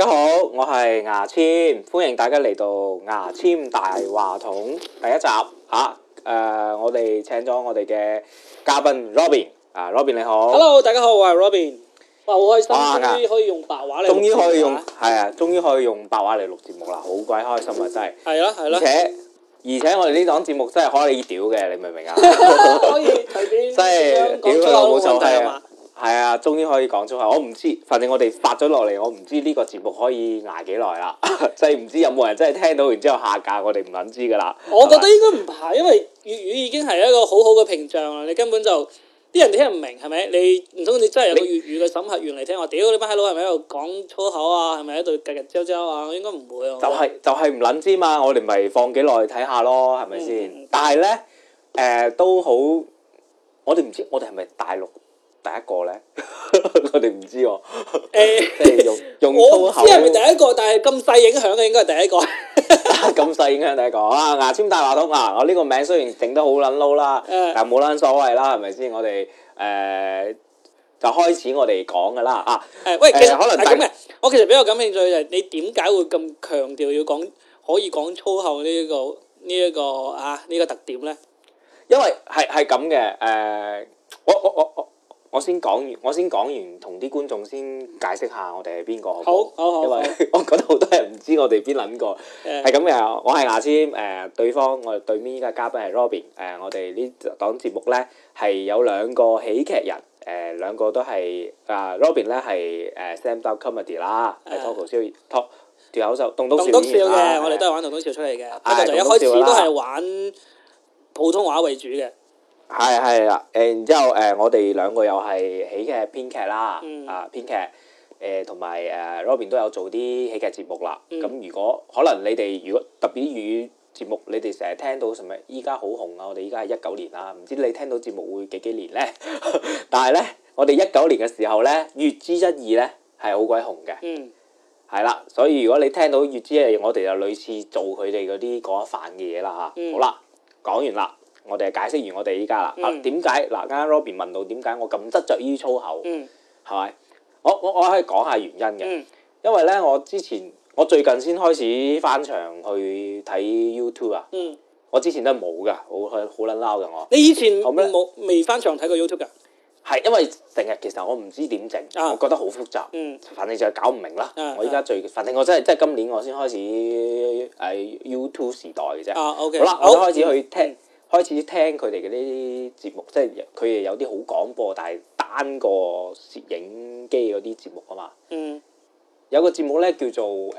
大家好，我係牙籤，歡迎大家嚟到牙籤大話筒第一集吓。誒，我哋請咗我哋嘅嘉賓 Robin 啊，Robin 你好。Hello，大家好，我係 Robin，哇，好開心，終於可以用白話嚟，終於可以用係啊，終於可以用白話嚟錄節目啦，好鬼開心啊，真係。係咯，係咯，而且而且我哋呢檔節目真係可以屌嘅，你明唔明啊？可以即係真係屌到冇手氣啊！係啊，終於可以講粗口。我唔知，反正我哋發咗落嚟，我唔知呢個節目可以挨幾耐啦，即係唔知有冇人真係聽到然之後下架，我哋唔捻知噶啦。我覺得吧應該唔係，因為粵語已經係一個好好嘅屏障啦。你根本就啲人哋聽唔明，係咪？你唔通你真係有個粵語嘅審核員嚟聽話？屌你班閪佬係咪喺度講粗口啊？係咪喺度日日啾啾啊？應該唔會啊、就係。就係就係唔捻知嘛。我哋咪放幾耐睇下咯，係咪先？嗯、但係咧，誒、呃，都好，我哋唔知我是是，我哋係咪大陸？第一個咧、 欸，我哋唔知喎。誒，即係用用粗口。即知係咪第一個，但係咁細影響嘅、 啊，應該係第一個。咁細影響第一個啊！牙籤大話筒、啊，啊！我呢個名雖然整得好撚撈啦，但冇撚所謂啦，係咪先？我哋誒、啊、就開始我哋講噶啦啊。誒，喂，其實可能係咁嘅，我其實比較感興趣就係你點解會咁強調要講可以講粗口呢、這、一個呢一、這個啊呢、這個特點咧？因為係係咁嘅誒，我我我。啊啊啊啊啊我先講完，我先講完，同啲觀眾先解釋下，我哋係邊個。好好好，因為我覺得好多人唔知我哋邊撚個，係咁嘅。我係牙籤，誒對方我哋對面依家嘅嘉賓係 Robin，誒我哋呢檔節目咧係有兩個喜劇人，誒兩個都係啊 Robin 咧係誒 Stand-up Comedy 啦，係 Talk Show Talk 脫口秀，棟篤笑嘅，我哋都係玩棟篤笑出嚟嘅，但係就一開始都係玩普通話為主嘅。係係啦，誒、嗯，然之後誒，我哋兩個又係喜劇編劇啦，啊、嗯，編劇，誒、呃，同埋誒，Robin 都有做啲喜劇節目啦。咁、嗯、如果可能，你哋如果特別粵語節目，你哋成日聽到什麼？依家好紅啊！我哋依家係一九年啦，唔知你聽到節目會幾幾年咧？ 但係咧，我哋一九年嘅時候咧，《月之一二》咧係好鬼紅嘅，係啦、嗯。所以如果你聽到《月之一二》，我哋就類似做佢哋嗰啲嗰一範嘅嘢啦吓。嗯、好啦，講完啦。我哋係解釋完我哋依家啦。點解嗱？啱啱 Robin 問到點解我咁執著於粗口，係咪？我我我可以講下原因嘅。因為咧，我之前我最近先開始翻牆去睇 YouTube 啊。我之前都冇噶，好好撚撈嘅我。你以前冇未翻牆睇過 YouTube 嘅？係因為成日其實我唔知點整，我覺得好複雜。嗯，反正就係搞唔明啦。我依家最，反正我真係即係今年我先開始係 YouTube 時代嘅啫。OK 好啦，我都開始去聽。開始聽佢哋嗰啲節目，即係佢哋有啲好廣播，但係單個攝影機嗰啲節目啊嘛。嗯，有個節目咧叫做誒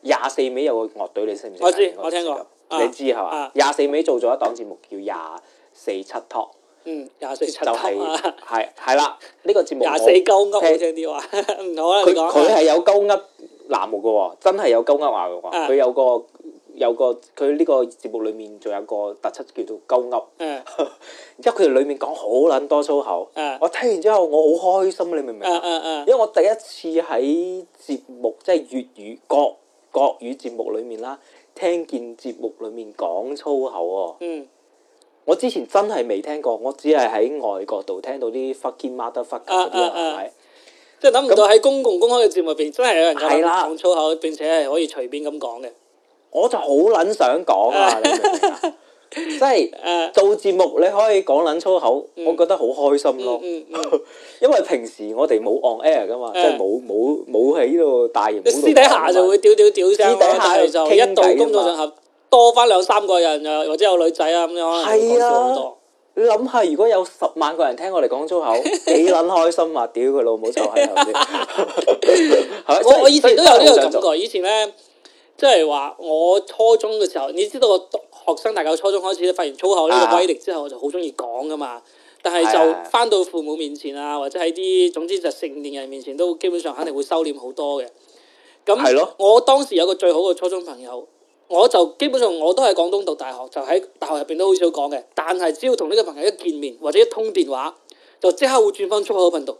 廿四尾，有個樂隊，你識唔識？我知，我聽過。你知係嘛？廿四尾做咗一檔節目叫廿四七 talk。嗯，廿四七就係係係啦，呢個節目廿四高壓，聽啲話唔好啦。佢佢係有鳩噏藍目嘅喎，真係有鳩噏話嘅喎。佢有個。有個佢呢個節目裏面仲有個特輯叫做鳩噏，嗯，之後佢哋裏面講好撚多粗口，uh. 我聽完之後我好開心，你明唔明？Uh, uh, uh. 因為我第一次喺節目即係、就是、粵語國國語節目裏面啦，聽見節目裏面講粗口喎，嗯，uh. 我之前真係未聽過，我只係喺外國度聽到啲 fucking motherfucker 嗰啲係咪？即係諗唔到喺公共公開嘅節目入邊，真係有人咁講粗口，啦並且係可以隨便咁講嘅。我就好撚想講啊！你明唔明啊？即係做節目你可以講撚粗口，我覺得好開心咯。因為平時我哋冇 on air 噶嘛，即係冇冇冇喺呢度大型你私底下就會屌屌屌聲，私底下就一度工作場合多翻兩三個人啊，或者有女仔啊咁樣，係啊。你諗下，如果有十萬個人聽我哋講粗口，幾撚開心啊！屌佢老母，就係頭先。我我以前都有呢個感覺，以前咧。即係話，我初中嘅時候，你知道我學生大概初中開始咧，發現粗口呢 Yeah. 個威力之後，我就好鍾意講㗎嘛。但係就返到父母面前啊，或者喺啲總之就成年人面前都基本上肯定會收斂好多嘅。咁 Yeah. 我當時有個最好嘅初中朋友，我就基本上我都喺廣東讀大學，就喺大學入邊都好少講嘅。但係只要同呢個朋友一見面或者一通電話，就即刻會轉返粗口頻道。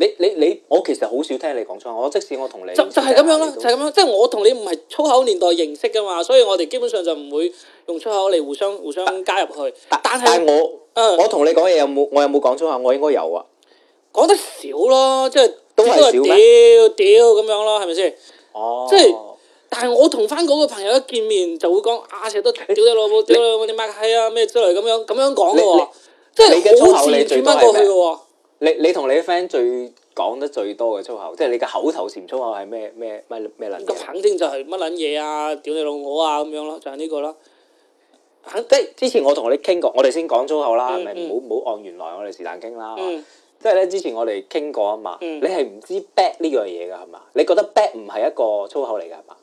你你你，我其實好少聽你講粗口。我即使我同你就就係咁樣啦，就係咁樣。即係我同你唔係粗口年代認識噶嘛，所以我哋基本上就唔會用粗口嚟互相互相加入去。但係我，我同你講嘢有冇？我有冇講粗口？我應該有啊。講得少咯，即係都係屌屌咁樣咯，係咪先？哦，即係。但係我同翻嗰個朋友一見面就會講啊！成日都屌你老母，屌你老母，你媽閪啊，咩之類咁樣咁樣講嘅喎。即係你嘅你轉翻過去嘅喎。你你同你啲 friend 最講得最多嘅粗口，即係你嘅口頭禪粗口係咩咩咩咩撚嘢？咁肯定就係乜撚嘢啊！屌你老母啊！咁樣咯，就係呢個啦。即之前我同你傾過，我哋先講粗口啦，係咪、嗯？唔好唔好按原來我哋、嗯、是但傾啦。即係咧，之前我哋傾過啊嘛。嗯、你係唔知 back 呢樣嘢㗎係嘛？你覺得 back 唔係一個粗口嚟㗎係嘛？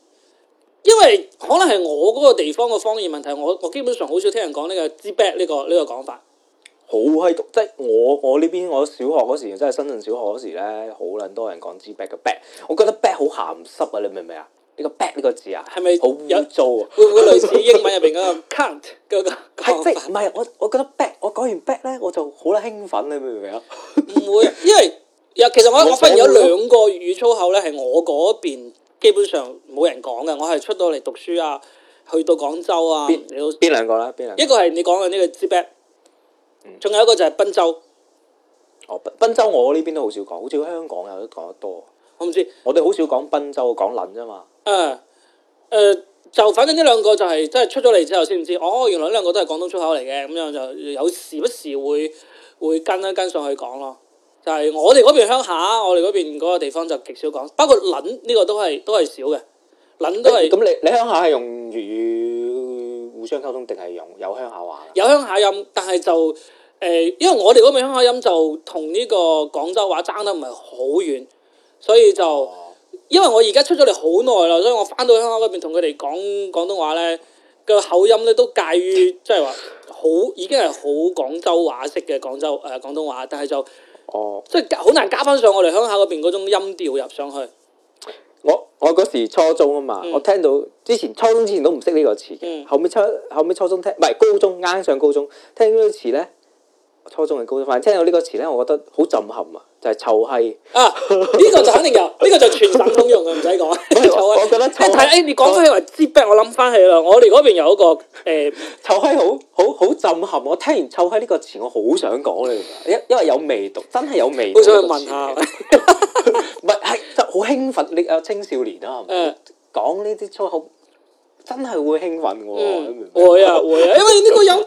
因為可能係我嗰個地方嘅方言問題，我我基本上好少聽人講呢個知 back 呢個呢個講法。好係即係我我呢邊我小學嗰時即係深圳小學嗰時咧，好撚多人講支 back 嘅 back，我覺得 back 好鹹濕啊！你明唔明啊？呢個 back 呢個字啊，係咪好污糟啊？會唔會類似英文入邊嗰個 cunt 嗰個？係即係唔係我我覺得 back 我講完 back 咧，我就好興奮，你明唔明啊？唔會，因為有其實我 我發現有兩個粵語粗口咧，係我嗰邊基本上冇人講嘅，我係出到嚟讀書啊，去到廣州啊，哪你都邊兩個啦，邊兩個？一個係你講嘅呢個 Z back, 仲有一個就係賓州，哦，賓州我呢邊都好少講，好似香港有啲講得多，我唔知。我哋好少講賓州，講撚啫嘛。啊、嗯，誒、呃，就反正呢兩個就係真係出咗嚟之後先唔知，哦，原來呢兩個都係廣東出口嚟嘅，咁樣就有時不時會會跟一跟上去講咯。就係、是、我哋嗰邊鄉下，我哋嗰邊嗰個地方就極少講，包括撚呢、這個都係都係少嘅，撚都係。咁、欸、你你鄉下係用粵語？互相溝通定係用有鄉下話？有鄉下音，但係就誒、呃，因為我哋嗰邊鄉下音就同呢個廣州話爭得唔係好遠，所以就、哦、因為我而家出咗嚟好耐啦，所以我翻到鄉下嗰邊同佢哋講廣東話咧個口音咧，都介於即係話好已經係好廣州話式嘅廣州誒、呃、廣東話，但係就哦，即係好難加翻上我哋鄉下嗰邊嗰種音調入上去。我我嗰時初中啊嘛，嗯、我聽到之前初中之前都唔識呢個詞嘅、嗯，後尾初後尾初中聽，唔係高中啱上高中聽個詞呢個詞咧，初中定高中，反正聽到個詞呢個詞咧，我覺得好震撼、就係、啊，就係臭閪啊！呢個就肯定有，呢、呢個就全省通用嘅，唔使講。是臭蟹我覺得一你講咗、啊、起話支筆，我諗翻起啦。我哋嗰邊有一個誒、呃、臭閪，好好好震撼。我聽完臭閪呢個詞，我好想講你。因因為有味道，真係有味道，好想去問下。唔係。 好興奮，你啊，青少年啊，講呢啲粗口真係會興奮喎！我又會啊，因為呢個有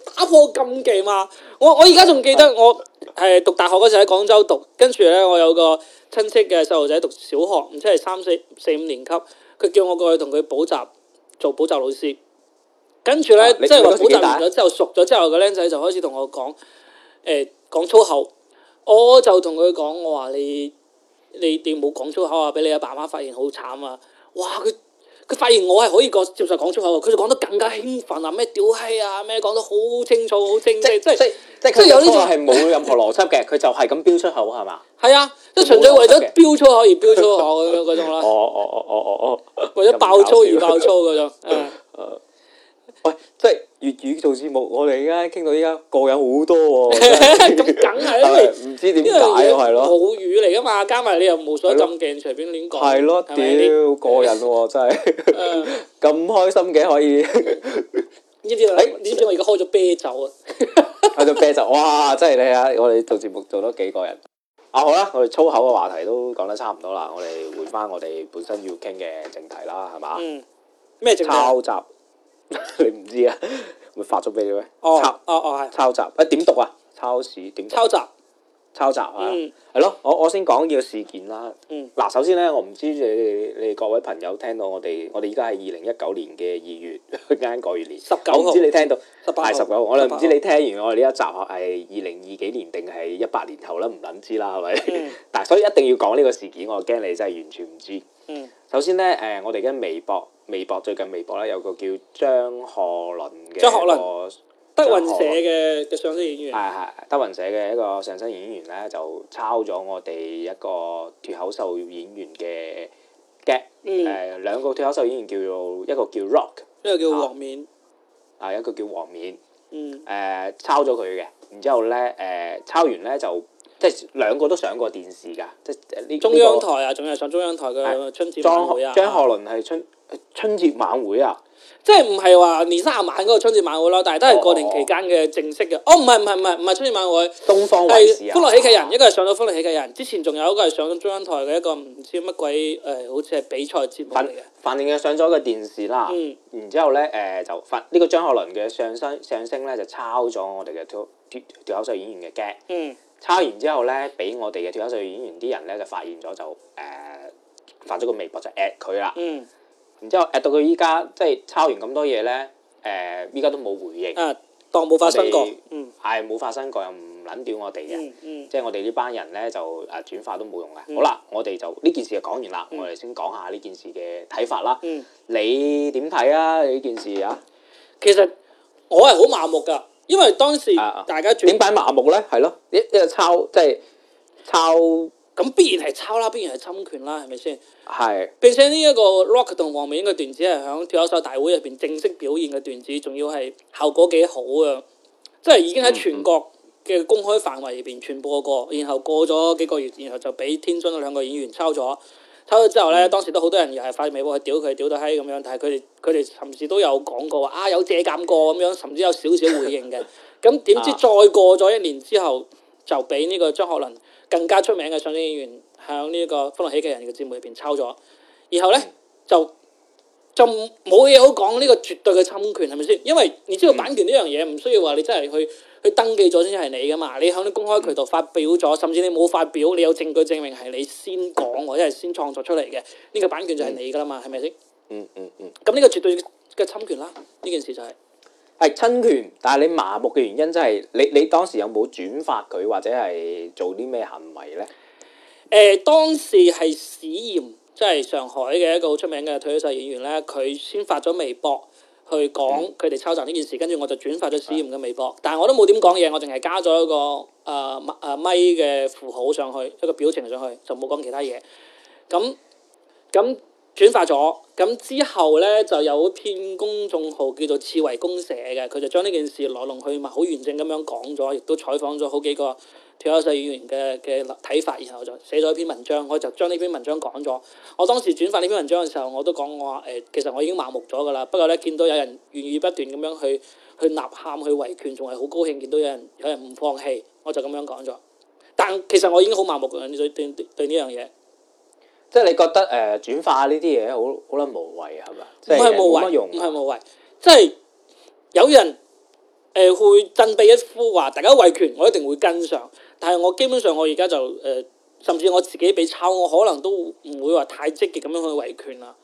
打破禁忌嘛。我我而家仲記得我係讀大學嗰陣喺廣州讀，跟住咧我有個親戚嘅細路仔讀小學，唔知係三四四五年級，佢叫我過去同佢補習，做補習老師。跟住咧，啊、即係話補習完咗之後熟咗之後，個僆仔就開始同我講，誒、欸、講粗口，我就同佢講，我話你。你哋冇講粗口啊！俾你阿爸媽發現好慘啊！哇，佢佢發現我係可以個接受講粗口喎，佢就講得更加興奮啊！咩屌閪啊！咩講得好清楚、好清晰，即係即係即係有呢啲係冇任何邏輯嘅，佢就係咁飈出口係嘛？係啊，即係純粹為咗飈粗口而飈粗口咁樣嗰種啦、 哦。哦哦哦哦哦哦，哦為咗爆粗而爆粗嗰種，嗯嗯嗯喂，即係粵語做節目，我哋而家傾到而家過癮好多喎，咁梗係啦，唔知點解係咯，母語嚟噶嘛，加埋你又冇所謂咁鏡，隨便亂講，係咯，屌過癮喎，真係咁開心嘅可以，呢啲，哎，你知唔知我而家開咗啤酒啊？開咗啤酒，哇，真係你啊！我哋做節目做得幾過癮，啊好啦，我哋粗口嘅話題都講得差唔多啦，我哋回翻我哋本身要傾嘅正題啦，係嘛？嗯，咩正題？抄襲。 你唔知啊？咪 發咗俾你咩？哦抄哦？哦，哦哦係，抄襲誒？點讀啊？抄屎點讀？抄襲。抄襲啊，係、嗯、咯，我我先講呢個事件啦。嗱、嗯，首先咧，我唔知你哋你哋各位朋友聽到我哋，我哋而家係二零一九年嘅二月，啱 啱過完年，十九號我唔知你聽到，係十九號，號號我哋唔知你聽完我哋呢一集係二零二幾年定係一百年後啦，唔撚知啦，係咪、嗯？嗱， 所以一定要講呢個事件，我驚你真係完全唔知。嗯、首先咧，誒，我哋嘅微博，微博最近微博咧有個叫張賀倫張學倫嘅。德雲社嘅嘅相聲演員，係係德雲社嘅一個相聲演員咧，就抄咗我哋一個脫口秀演員嘅 gag 嘅，誒、嗯呃、兩個脫口秀演員叫做一個叫 Rock，一個叫黃冕，啊一個叫黃冕，嗯，誒、呃、抄咗佢嘅。然之後咧，誒、呃、抄完咧就即係兩個都上過電視噶，即係呢中央台啊，仲有、這個、上中央台嘅春節張張鶴倫係春春節晚會啊。嗯即係唔係話年卅晚嗰個春節晚會咯，但係都係過年期間嘅正式嘅。哦，哦，唔係唔係唔係唔係春節晚會，東方衛視、係歡樂喜劇人，啊、一個係上咗歡樂喜劇人，之前仲有一個係上咗中央台嘅一個唔知乜鬼誒、呃，好似係比賽節目，反正佢上咗個電視啦，嗯、然後之後咧誒就發呢、這個張鶴倫嘅相聲相聲咧就抄咗我哋嘅脫脫脫口秀演員嘅 gag，、嗯、抄完之後咧俾我哋嘅脫口秀演員啲人咧就發現咗就誒、呃、發咗個微博就 at 佢啦。了 嗯.之後誒到佢依家即係抄完咁多嘢咧，誒依家都冇回應，啊當冇發生過。們嗯，係冇發生過又唔撚掉我哋嘅、嗯，嗯即係我哋呢班人咧就誒轉化都冇用嘅。嗯、好啦，我哋就呢件事就講完啦，嗯、我哋先講下呢件事嘅睇法啦。嗯，你點睇啊？你呢件事啊？其實我係好麻木噶，因為當時大家點解、啊、麻木咧？係咯，一一抄即係抄。即係抄咁必然係抄啦，必然係侵權啦，係咪先？係的。並且呢一個 Rock 同黃明呢個段子係響脫口秀大會入邊正式表演嘅段子，仲要係效果幾好啊！即係已經喺全國嘅公開範圍入邊傳播過，嗯嗯，然後過咗幾個月，然後就俾天津兩個演員抄咗。抄咗之後咧，嗯、當時都好多人又係發微博去屌佢屌到閪咁樣，但係佢哋佢哋甚至都有講過啊有借鑒過咁樣，甚至有少少回應嘅。咁點 知再過咗一年之後，就俾呢個張學良。更加出名嘅相聲演員，喺呢一個歡樂喜劇人嘅節目裏邊抄咗，然後咧就就冇嘢好講，呢個絕對嘅侵權係咪先？因為你知道版權呢樣嘢唔需要話你真係去去登記咗先係你噶嘛？你喺啲公開渠道發表咗，甚至你冇發表，你有證據證明係你先講，或者係先創作出嚟嘅，呢個版權就係你噶啦嘛？係咪先？嗯嗯嗯。咁呢個絕對嘅侵權啦，呢件事就係。係侵權，但係你麻木嘅原因真係你你當時有冇轉發佢或者係做啲咩行為咧？誒、呃，當時係史炎，即係上海嘅一個好出名嘅脫口秀演員咧，佢先發咗微博去講佢哋抄襲呢件事，跟住我就轉發咗史炎嘅微博，嗯、但係我都冇點講嘢，我淨係加咗一個誒誒咪嘅符號上去一個表情上去，就冇講其他嘢。咁咁。嗯嗯轉發咗，咁之後咧就有一篇公眾號叫做刺維公社刺猬公社嘅，佢就將呢件事來龍去脈好完整咁樣講咗，亦都採訪咗好幾個退休嘅演員嘅嘅睇法，然後就寫咗一篇文章，我就將呢篇文章講咗。我當時轉發呢篇文章嘅時候，我都講我話誒，其實我已經麻木咗㗎啦。不過咧，見到有人願意不斷咁樣去去吶喊去維權，仲係好高興見到有人有人唔放棄，我就咁樣講咗。但其實我已經好麻木嘅，你對對呢樣嘢。即係你覺得誒轉化呢啲嘢，好好卵無謂係嘛？唔係無謂，唔係無謂，即係、就是、有人誒會振臂一呼話大家維權，我一定會跟上。但係我基本上我而家就誒，甚至我自己俾抄，我可能都唔會話太積極咁樣去維權啦。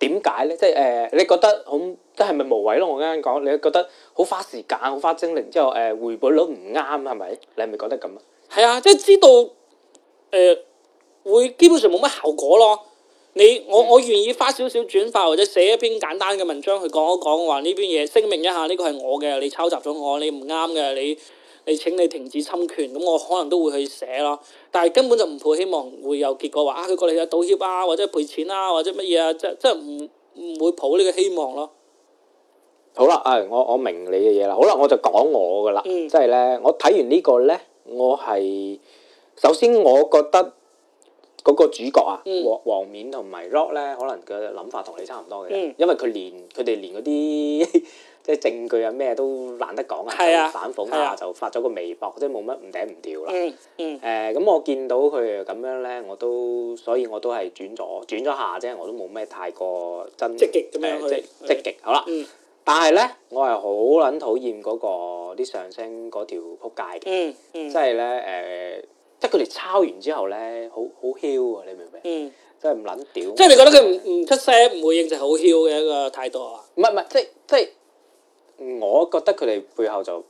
點解咧？即係誒，你覺得好即係咪無謂咯？我啱啱講，你覺得好花時間、好花精力，之後誒回本率唔啱，係咪？你係咪覺得咁啊？係啊，即係知道誒。呃嗯會基本上冇乜效果咯。你我我願意花少少轉發或者寫一篇簡單嘅文章去講一講，話呢邊嘢聲明一下呢、呢個係我嘅，你抄襲咗我，你唔啱嘅，你你請你停止侵權。咁我可能都會去寫咯，但係根本就唔抱希望會有結果話啊，佢過嚟啊，道歉啊，或者賠錢啊，或者乜嘢啊，即即唔唔會抱呢個希望咯。好啦，誒，我我明你嘅嘢啦。好啦，我就講我噶啦，嗯、即係咧，我睇完個呢個咧，我係首先我覺得。嗰個主角啊，黃黃冕同埋 Rock 咧，可能佢嘅諗法同你差唔多嘅，因為佢連佢哋連嗰啲即係證據啊咩都懶得講啊，反諷下就發咗個微博，即係冇乜唔頂唔跳啦。誒，咁我見到佢咁樣咧，我都所以我都係轉咗轉咗下啫，我都冇咩太過積極咁樣即積極。好啦，但係咧，我係好撚討厭嗰個啲上升嗰條撲街嘅，即係咧誒。即係佢哋抄完之後咧，好好囂啊！你明唔明？嗯，真係唔捻屌！即係你覺得佢唔唔出聲，唔會認就好囂嘅一個態度啊？唔係唔係，即係即係，我覺得佢哋背後就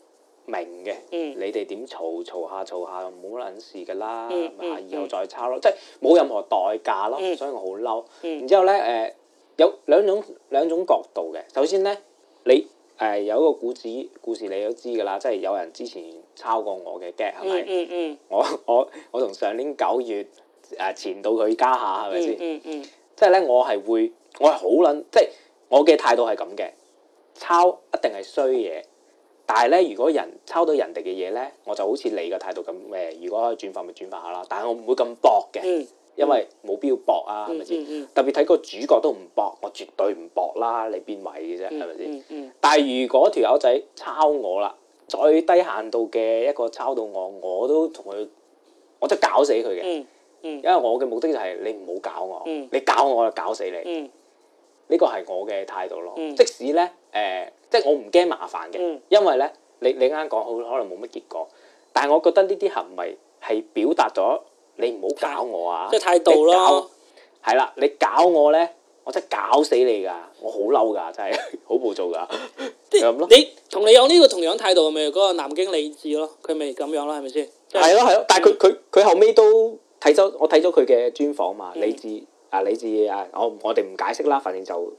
明嘅，嗯嗯。嗯，你哋點嘈嘈下嘈下，唔好捻事噶啦，嗯，以後再抄咯，即係冇任何代價咯，所以我好嬲。然之後咧，誒，有兩種兩種角度嘅。首先咧，你。你誒、呃，有一個故事故事你都知噶啦，即係有人之前抄過我嘅 gag 係咪？嗯嗯我我我同上年九月誒、呃，前到佢家下係咪先？嗯嗯即係咧，我係會，我係好撚，即係我嘅態度係咁嘅，抄一定係衰嘢。但係咧，如果人抄到人哋嘅嘢咧，我就好似你嘅態度咁誒，如果可以轉發咪轉發下啦。但係我唔會咁搏嘅。嗯嗯因為冇必要搏啊，係咪先？嗯嗯、特別睇個主角都唔搏，我絕對唔搏啦。你邊位嘅啫，係咪先？嗯嗯、但係如果條友仔抄我啦，最低限度嘅一個抄到我，我都同佢，我都搞死佢嘅。嗯嗯、因為我嘅目的就係你唔好搞我，嗯、你搞我，我就搞死你。呢、嗯、個係我嘅態度咯。嗯、即使呢，誒、呃，即係我唔驚麻煩嘅，因為呢，你你啱講好，可能冇乜結果。但係我覺得呢啲行為係表達咗。你唔好搞我啊！即係態度咯，係啦，你搞我咧，我真係搞死你噶，我好嬲噶，真係好 暴躁噶，咁咯 你。你同你有呢個同樣態度咪嗰 個南京李志咯，佢咪咁樣咯，係咪先？係咯，係咯，但係佢佢佢後尾都睇咗，我睇咗佢嘅專訪嘛。李志，嗯、啊，李志啊，我我哋唔解釋啦，反正就。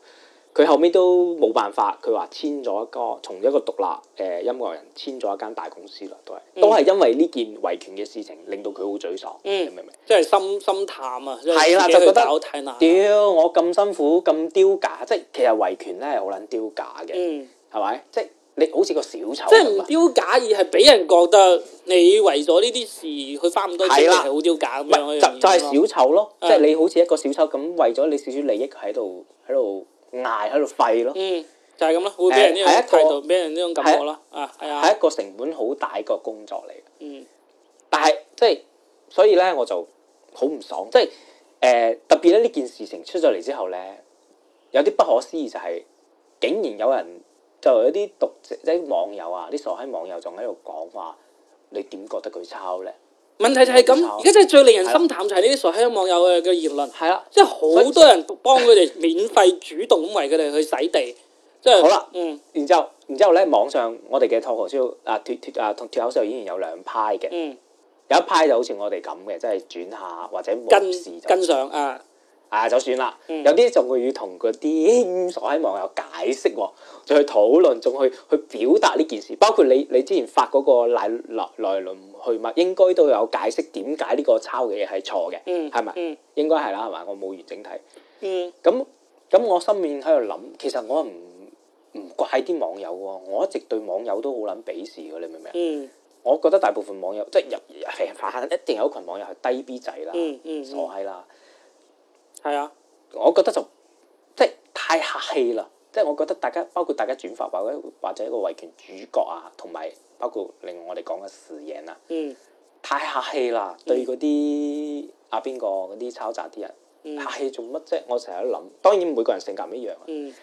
佢後尾都冇辦法，佢話簽咗一個，從一個獨立誒音樂人簽咗一間大公司啦，都係都係因為呢件維權嘅事情，令到佢好沮喪。嗯，你明唔明？即係心心淡、就是、啊！係啦，就覺得屌、啊、我咁辛苦咁丟假，即係其實維權咧、嗯，好撚丟假嘅，係咪？即係你好似個小丑，即係唔丟假而係俾人覺得你為咗呢啲事去花咁多錢係好丟假嘅、啊樣，就就係就小丑咯。即係嗎你好似一個小丑咁，為咗你少少利益喺度喺度。挨喺度廢咯，嗯，就係咁咯，會俾人呢種態度，俾、呃、人呢種感覺咯，啊，係啊，係一個成本好大嘅工作嚟，嗯，但係即係，所以咧，我就好唔爽，即、就、係、是，誒、呃，特別咧呢件事情出咗嚟之後咧，有啲不可思議就係、是，竟然有人就有一啲讀者、啲、就是、網友啊，啲傻閪網友仲喺度講話，你點覺得佢抄咧？問題就係咁，而家真係最令人心淡就係呢啲傻閪網友嘅嘅言論，即係好多人幫佢哋免費主動咁為佢哋去洗地，即係好啦。嗯，然之後，然之後咧，網上我哋嘅脫口秀啊脫脫啊脫口秀依然有兩派嘅，有一派就好似我哋咁嘅，即係轉下或者跟跟上啊。啊，就算啦，有啲仲會要同嗰啲傻閪網友解釋，再去討論，仲去去表達呢件事。包括你你之前發嗰個來來來龍去脈，應該都有解釋點解呢個抄嘅嘢係錯嘅，係咪？應該係啦，係嘛？我冇完整睇。咁咁，我心面喺度諗，其實我唔唔怪啲網友喎，我一直對網友都好撚鄙視嘅，你明唔明？我覺得大部分網友即係入，但係一定有群羣網友係低 B 仔啦，傻閪啦。係啊，我覺得就即係太客氣啦，即係我覺得大家包括大家轉發或者或者一個維權主角啊，同埋包括令我哋講嘅事贏啊，太客氣啦，對嗰啲阿邊個嗰啲抄襲啲人客氣做乜啫？我成日都諗，當然每個人性格唔一樣啊，嗯、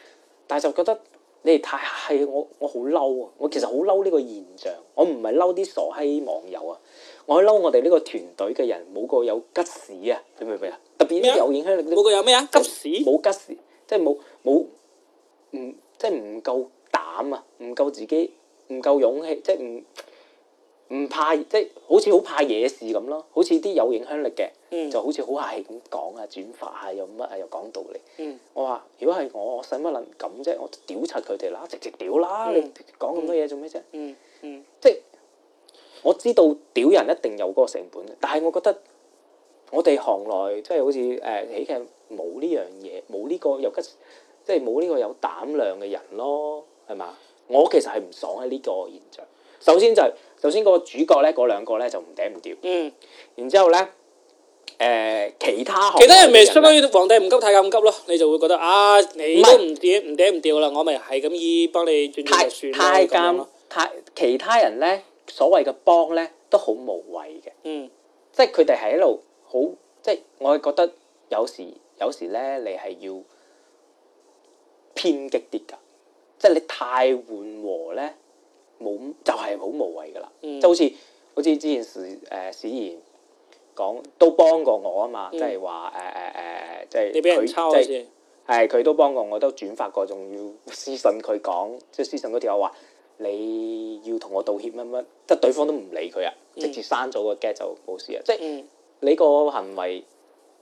但係就覺得你哋太客氣，我我好嬲啊！我其實好嬲呢個現象，我唔係嬲啲傻閪網友啊。我嬲我哋呢個團隊嘅人冇個有吉屎啊！你明唔明啊？特別啲有影響力啲冇個有咩啊？吉屎冇吉屎，即係冇冇，唔即係唔夠膽啊！唔夠、就是、自己，唔夠勇氣，即係唔唔怕，即、就、係、是、好似好怕惹事咁咯。好似啲有影響力嘅，嗯、就好似好客氣咁講啊，轉發啊，又乜啊，又講道理。嗯、我話如果係我，我使乜諗咁啫？我屌柒佢哋啦，直接屌啦！你講咁多嘢做咩啫？嗯嗯，嗯，嗯，嗯，即係。我知道屌人一定有嗰個成本嘅，但係我覺得我哋行內即係好似誒喜劇冇呢樣嘢，冇呢個有吉，即係冇呢個有膽量嘅人咯，係嘛？我其實係唔爽喺呢個現象。首先就係首先嗰個主角咧，嗰兩個咧就唔頂唔掉。嗯，然之後咧，誒其他行其他人咪相當於皇帝唔急太監急咯，你就會覺得啊，你都唔頂唔頂唔掉啦，我咪係咁意幫你轉咗就算咯。太監太其他人咧。所謂嘅幫咧都好無謂嘅、嗯，即係佢哋喺一路好，即係我係覺得有時有時咧，你係要偏激啲噶，即係你太緩和咧，冇就係、是、好無謂噶啦，嗯、就好似好似之前史、呃、史賢講都幫過我啊嘛，即係話誒誒誒，即、呃、係、呃就是、你俾佢抄好係佢都幫過我，我都轉發過，仲要私信佢講，即係私，私信嗰條我話。你要同我道歉乜乜，即係對方都唔理佢啊，直接刪咗個 get 就冇事啊。即係、嗯、你個行為，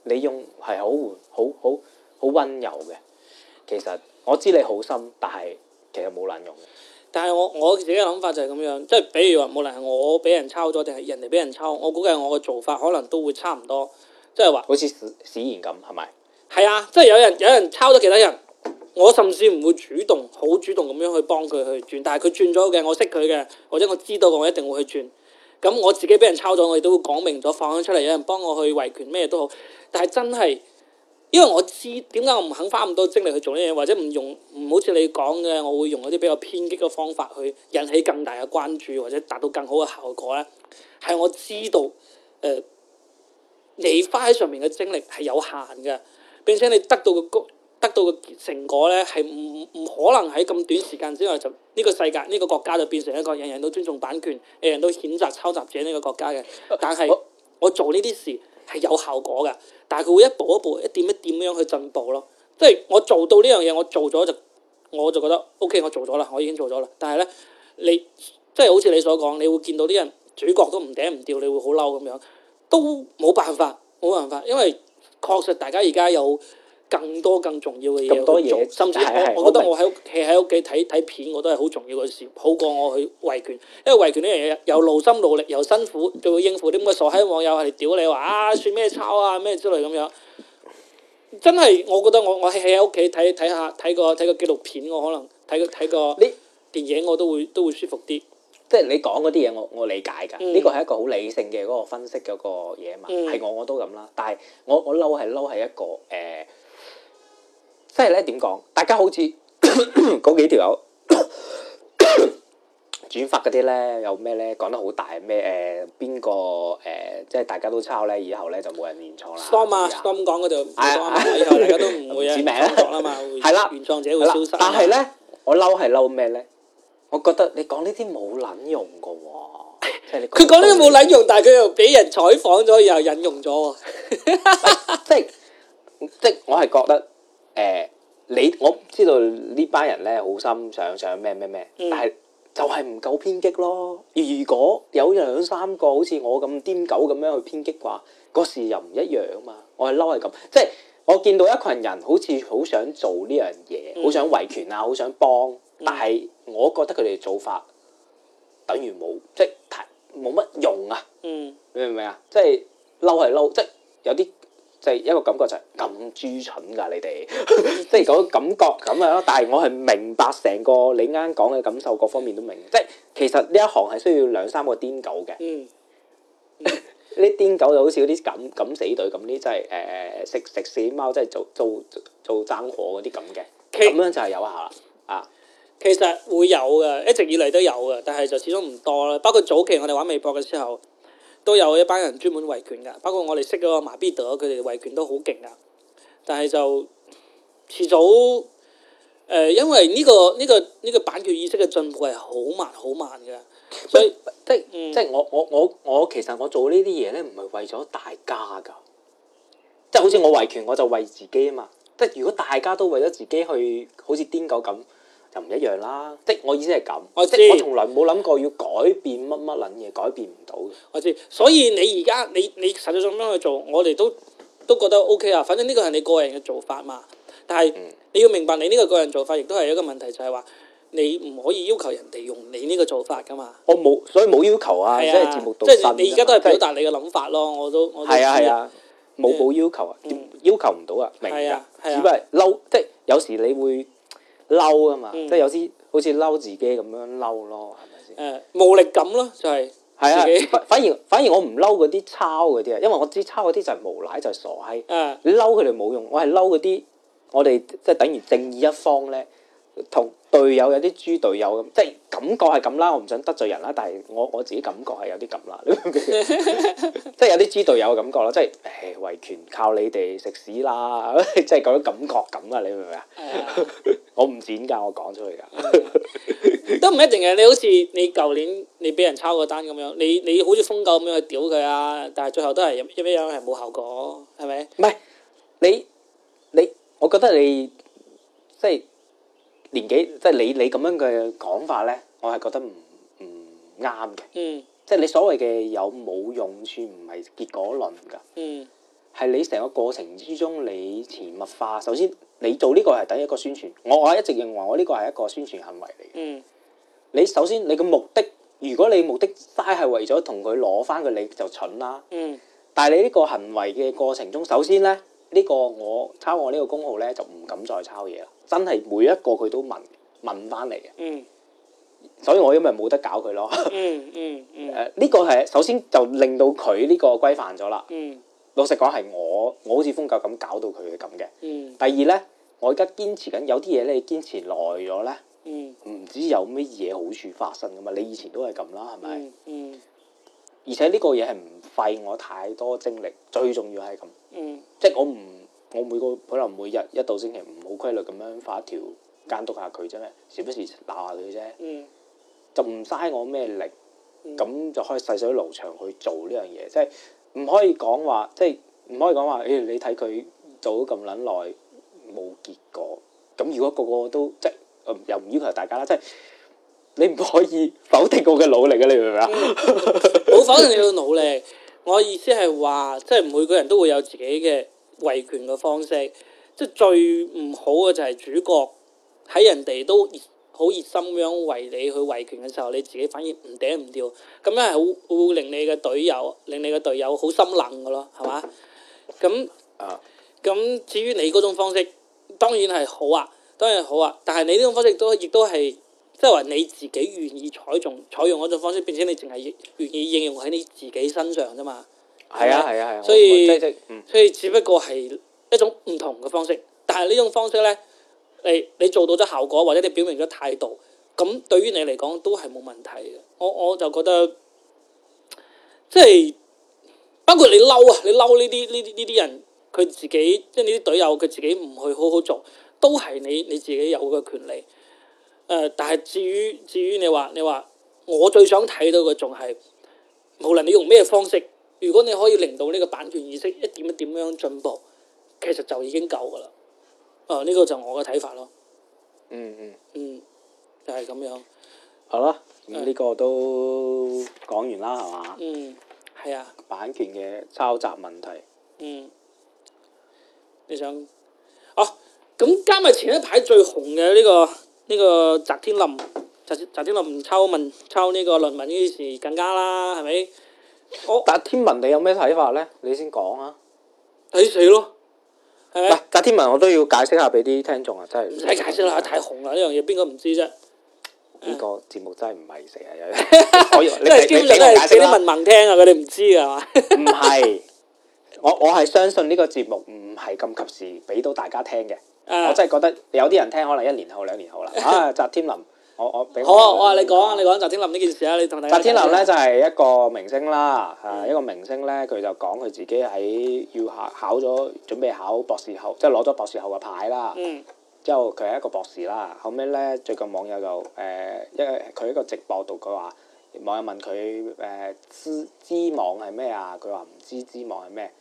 你用係好好好好溫柔嘅，其實我知你好心，但係其實冇撚用。但係我我自己嘅諗法就係咁樣，即係比如話，無論係我俾人抄咗，定係人哋俾人抄，我估計我嘅做法可能都會差唔多。即係話好似史史炎咁係咪？係啊，即係有人有人抄咗其他人。我甚至唔會主動，好主動咁樣去幫佢去轉，但係佢轉咗嘅，我識佢嘅，或者我知道嘅，我一定會去轉。咁我自己俾人抄咗，我亦都會講明咗，放咗出嚟，有人幫我去維權咩都好。但係真係，因為我知點解我唔肯花咁多精力去做呢嘢，或者唔用唔好似你講嘅，我會用一啲比較偏激嘅方法去引起更大嘅關注，或者達到更好嘅效果咧。係我知道，誒、呃，你花喺上面嘅精力係有限嘅，並且你得到嘅高。得到嘅成果咧，係唔唔可能喺咁短時間之內就呢個世界呢個國家就變成一個人人都尊重版權、人人都譴責抄襲者呢個國家嘅。但係我，我做呢啲事係有效果噶，但係佢會一步一步、一點一點咁樣去進步咯。即係我做到呢樣嘢，我做咗就我就覺得 OK，我做咗啦，我已經做咗啦。但係咧，你即係好似你所講，你會見到啲人主角都唔頂唔掉，你會好嬲咁樣，都冇辦法，冇辦法，因為確實大家而家有。更多更重要嘅嘢，多嘢甚至是我我覺得我喺屋企喺屋企睇睇片，我都係好重要嘅事，好過我去維權。因為維權呢樣嘢又勞心勞力，又辛苦，就會應付啲咁嘅傻閪網友係屌你話啊，算咩抄啊咩之類咁樣。真係，我覺得我我喺喺屋企睇睇下睇個睇個紀錄片，我可能睇睇個呢電影，我都會都會舒服啲。即係你講嗰啲嘢，就是、我我理解噶。呢個係一個好理性嘅個分析嗰個嘢啊嘛，係、嗯、我我都咁啦。但係我我嬲係嬲係一個誒。呃即係咧，點講？大家好似嗰幾條友轉發嗰啲咧，有咩咧講得好大咩？誒，邊個誒，即係大家都抄咧，以後咧就冇人原創啦。當嘛，香港嗰度係啊，以後大家都唔會啊。知名啦嘛，係啦，原創者會消失。但係咧，我嬲係嬲咩咧？我覺得你講呢啲冇撚用噶喎，即係佢講呢啲冇撚用，但係佢又俾人採訪咗，然後引用咗喎，即即我係覺得。誒、呃，你我知道呢班人咧好心想想咩咩咩，但係就係唔夠偏激咯。如果有兩三個好似我咁癲狗咁樣去偏激嘅話，嗰事又唔一樣啊嘛。我係嬲係咁，即係我見到一群人好似好想做呢樣嘢，好、嗯、想維權啊，好想幫，但係我覺得佢哋做法等於冇，即係冇乜用啊。嗯、明唔明啊？即係嬲係嬲，即係有啲。即係一個感覺就係咁豬蠢㗎你哋。 即係嗰個感覺咁樣咯。但係我係明白成個你啱講嘅感受，各方面都明。即係其實呢一行係需要兩三個癲狗嘅。嗯，呢癲 狗就好似嗰啲敢敢死隊咁啲，即係誒、呃、食食死貓，即係做做做爭火嗰啲咁嘅。咁樣，其樣就係有效啦啊。其實會有嘅，一直以嚟都有嘅，但係就始終唔多啦。包括早期我哋玩微博嘅時候，都有一班人專門維權噶，包括我哋識咗個馬必德，佢哋維權都好勁噶。但係就遲早，誒、呃，因為呢個呢個呢個版權意識嘅進步係好慢好慢嘅。嗯、所以即即我我我我其實我做呢啲嘢咧，唔係為咗大家噶，即係好似我維權，我就為自己啊嘛。即係如果大家都為咗自己去，好似癲狗咁。又唔一樣啦，即係我意思係咁，我即係我從來冇諗過要改變乜乜撚嘢，改變唔到。我知，所以你而家你你實在咁樣去做，我哋都都覺得 O K 啊。反正呢個係你個人嘅做法嘛。但係、嗯、你要明白，你呢個個人做法亦都係一個問題，就係、是、話你唔可以要求人哋用你呢個做法噶嘛。我冇，所以冇要求啊，即係節目獨即係你而家都係表達你嘅諗法咯、就是。我都我係啊係啊，冇冇、啊、以你要求啊，嗯、要求唔到啊，明㗎。只、啊、不過嬲，即係有時你會。嬲啊嘛，嗯、即係有啲好似嬲自己咁樣嬲咯，係咪先？誒、啊，無力感咯，那就係係啊。反而反而我唔嬲嗰啲抄嗰啲啊，因為我知抄嗰啲就係無賴，就係、是、傻閪。啊、你嬲佢哋冇用，我係嬲嗰啲我哋即係等於正義一方咧。同隊友有啲豬隊友咁，即係感覺係咁啦。我唔想得罪人啦，但係我我自己感覺係有啲咁啦，即係有啲豬隊友嘅感覺咯。即係誒維權靠你哋食屎啦，即係嗰種感覺咁啊！你明唔明啊？我唔剪噶，我講出去噶， 都唔一定嘅。你好似你舊年你俾人抄個單咁樣，你你好似瘋狗咁樣去屌佢啊！但係最後都係一一樣係冇效果，係咪？唔係你你，我覺得你即係。年紀即係你你咁樣嘅講法咧，我係覺得唔唔啱嘅。嗯，即係你所謂嘅有冇用處算唔係結果論㗎。嗯，係你成個過程之中，你潛默化。首先，你做呢個係等於一個宣傳。我我一直認為我呢個係一個宣傳行為嚟嘅。嗯，你首先你嘅目的，如果你目的齋係為咗同佢攞翻個，你就蠢啦。嗯，但係你呢個行為嘅過程中，首先咧呢、呢個我抄我個呢個公號咧就唔敢再抄嘢啦。真係每一個佢都問問翻嚟嘅，嗯、所以我今日冇得搞佢咯 嗯。嗯嗯誒，呢、呃呢個係首先就令到佢呢個規範咗啦。嗯，老實講係我我好似瘋狗咁搞到佢嘅咁嘅。嗯，第二咧，我而家堅持緊有啲嘢咧你堅持耐咗咧，嗯，唔知有乜嘢好處發生噶嘛？你以前都係咁啦，係咪、嗯？嗯，而且呢個嘢係唔費我太多精力，最重要係咁。嗯，即係我唔。我每個可能每日一到星期五好規律咁樣發一條監督下佢啫咩，時不時鬧下佢啫，嗯、就唔嘥我咩力，咁、嗯、就可以細水長流長去做呢樣嘢，即係唔可以講話，即係唔可以講話。誒，你睇佢做咗咁撚耐冇結果，咁如果個個都即係、呃、又唔要求大家啦，即、就、係、是、你唔可以否定我嘅努力嘅，你明唔明啊？冇、嗯、否定你嘅努力， 我意思係話，即係每個人都會有自己嘅。維權嘅方式，即係最唔好嘅就係主角喺人哋都好熱心咁樣為你去維權嘅時候，你自己反而唔嗲唔吊。咁樣係好會令你嘅隊友，令你嘅隊友好心冷嘅咯，係嘛？咁咁至於你嗰種方式，當然係好啊，當然好啊，但係你呢種方式都亦都係即係話你自己願意採用採用嗰種方式，並且你淨係願意應用喺你自己身上啫嘛。係啊，係啊，係啊。所以，所以只不過係一種唔同嘅方式。但係呢種方式咧，誒，你做到咗效果，或者你表明咗態度，咁對於你嚟講都係冇問題嘅。我我就覺得，即係包括你嬲啊，你嬲呢啲呢啲呢啲人，佢自己即係呢啲隊友，佢自己唔去好好做，都係你你自己有嘅權利。誒、呃，但係至於至於你話你話，我最想睇到嘅仲係，無論你用咩方式。如果你可以令到呢個版權意識一點一點樣進步，其實就已經夠噶啦。誒、啊，呢、這個就我嘅睇法咯。嗯嗯。嗯，嗯就係、是、咁樣。好啦，呢個都講完啦，係嘛？嗯，係、嗯嗯、啊。版權嘅抄襲問題。嗯。你想？哦、啊，咁加埋前一排最紅嘅呢、這個呢、這個翟天林，翟翟天林抄文抄呢個論文呢啲事，更加啦，係咪？哦、翟天臨你有咩睇法咧？你先講啊！睇死咯，係咪？嗱，翟天臨我都要解釋下俾啲聽眾啊，真係唔使解釋啦，太紅啦呢樣嘢，邊個唔知啫？呢個節目真係唔係成日有，可 以你係 基本上係俾啲文盲聽啊，佢哋唔知啊，嘛？唔係，我我係相信呢個節目唔係咁及時俾到大家聽嘅， 我真係覺得有啲人聽可能一年後、兩年後啦。啊，翟天臨。我我好，我話、啊、你講啊！你講翟天臨呢件事啊！你同你翟天臨咧就係、是、一個明星啦，嗯、啊一個明星咧佢就講佢自己喺要考考咗，準備考博士後，即係攞咗博士後嘅牌啦。嗯。之後佢係一個博士啦，後尾咧最近網友就誒，因為佢喺一個直播度佢話，網友問佢誒、呃、知知網係咩啊？佢話唔知知網係咩。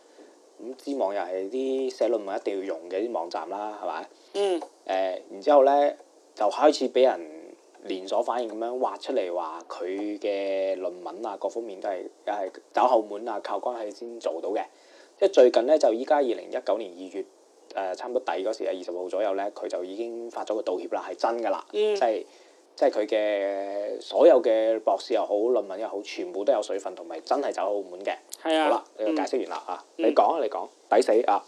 咁知網又係啲寫論文一定要用嘅啲網站啦，係咪？嗯。誒、嗯，然之後咧就開始俾人。連鎖反應咁樣挖出嚟，話佢嘅論文啊，各方面都係又係走後門啊，靠關係先做到嘅。即係最近咧，就依家二零一九年二月，誒、呃，差唔多底嗰時啊，二十號左右咧，佢就已經發咗個道歉啦，係真噶啦，即係即係佢嘅所有嘅博士又好，論文又好，全部都有水分，同埋真係走後門嘅。係啊，好啦了，嗯、解釋完啦啊，你講啊，你講，抵死啊，